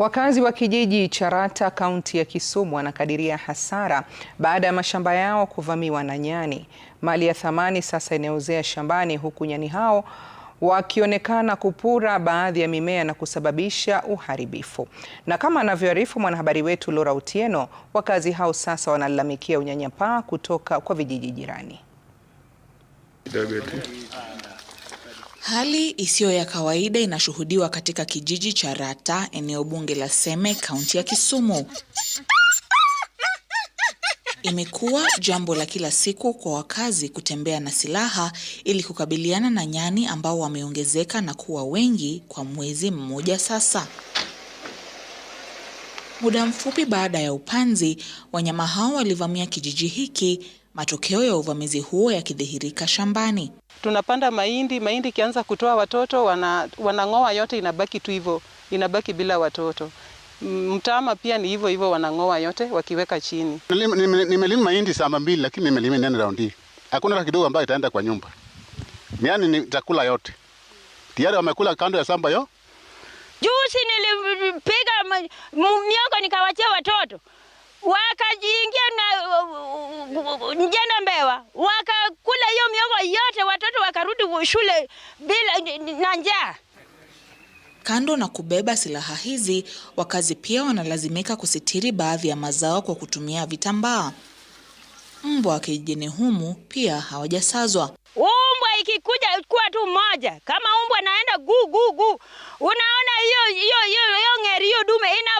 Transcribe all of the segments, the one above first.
Wakazi wa kijiji cha Rata kaunti ya Kisumu wanakadiria hasara baada ya mashamba yao kuvamiwa na nyani. Mali ya thamani sasa inaozea shambani huku nyani hao wakionekana kupura baadhi ya mimea na kusababisha uharibifu. Na kama anavyoarifu mwanahabari wetu Laura utieno wakazi hao sasa wanalalamikia unyanyapaa kutoka kwa vijiji jirani. Hali isiyo ya kawaida inashuhudiwa katika kijiji cha Rata, eneo bunge la Seme, kaunti ya Kisumu. Imekuwa jambo la kila siku kwa wakazi kutembea na silaha ili kukabiliana na nyani ambao wameongezeka na kuwa wengi kwa mwezi mmoja sasa. Muda mfupi baada ya upanzi, wanyama hao walivamia kijiji hiki matokeo ya uvamizi huo yakidhihirika shambani. Tunapanda mahindi, mahindi ikianza kutoa watoto wana, wanang'oa yote, inabaki tu hivyo, inabaki bila watoto. Mtama pia ni hivyo hivyo, wanang'oa yote wakiweka chini. Nimelima mahindi saa mbili, lakini nimelima nene raundi hii hakuna hata kidogo ambayo itaenda kwa nyumba, yaani chakula yote tayari wamekula kando ya samba yo. Juzi nilipiga miogo nikawachia watoto wakajiingia njenda Mbewa, wakakula hiyo miogo yote, watoto wakarudi shule bila na njaa. Kando na kubeba silaha hizi, wakazi pia wanalazimika kusitiri baadhi ya mazao kwa kutumia vitambaa. Mbwa wa kijijini humu pia hawajasazwa. Umbwa ikikuja kuwa tu moja, kama umbwa naenda gu gu gu, unaona hiyo hiyo hiyo ng'eri hiyo dume ina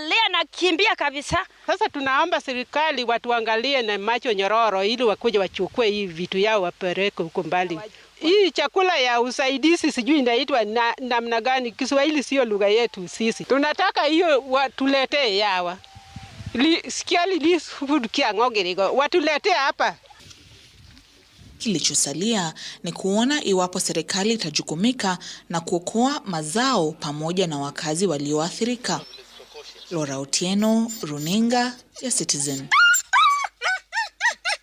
na nakimbia kabisa. Sasa tunaomba serikali watuangalie na macho nyororo, ili wakuja wachukue hii vitu yao wapeleke huko mbali. Hii chakula ya usaidizi sijui inaitwa namna gani? Kiswahili sio lugha yetu sisi. Tunataka hiyo watuletee yawa li, sikiali li food kia watuletee hapa. Kilichosalia ni kuona iwapo serikali itajukumika na kuokoa mazao pamoja na wakazi walioathirika. Laura Otieno, runinga ya Citizen.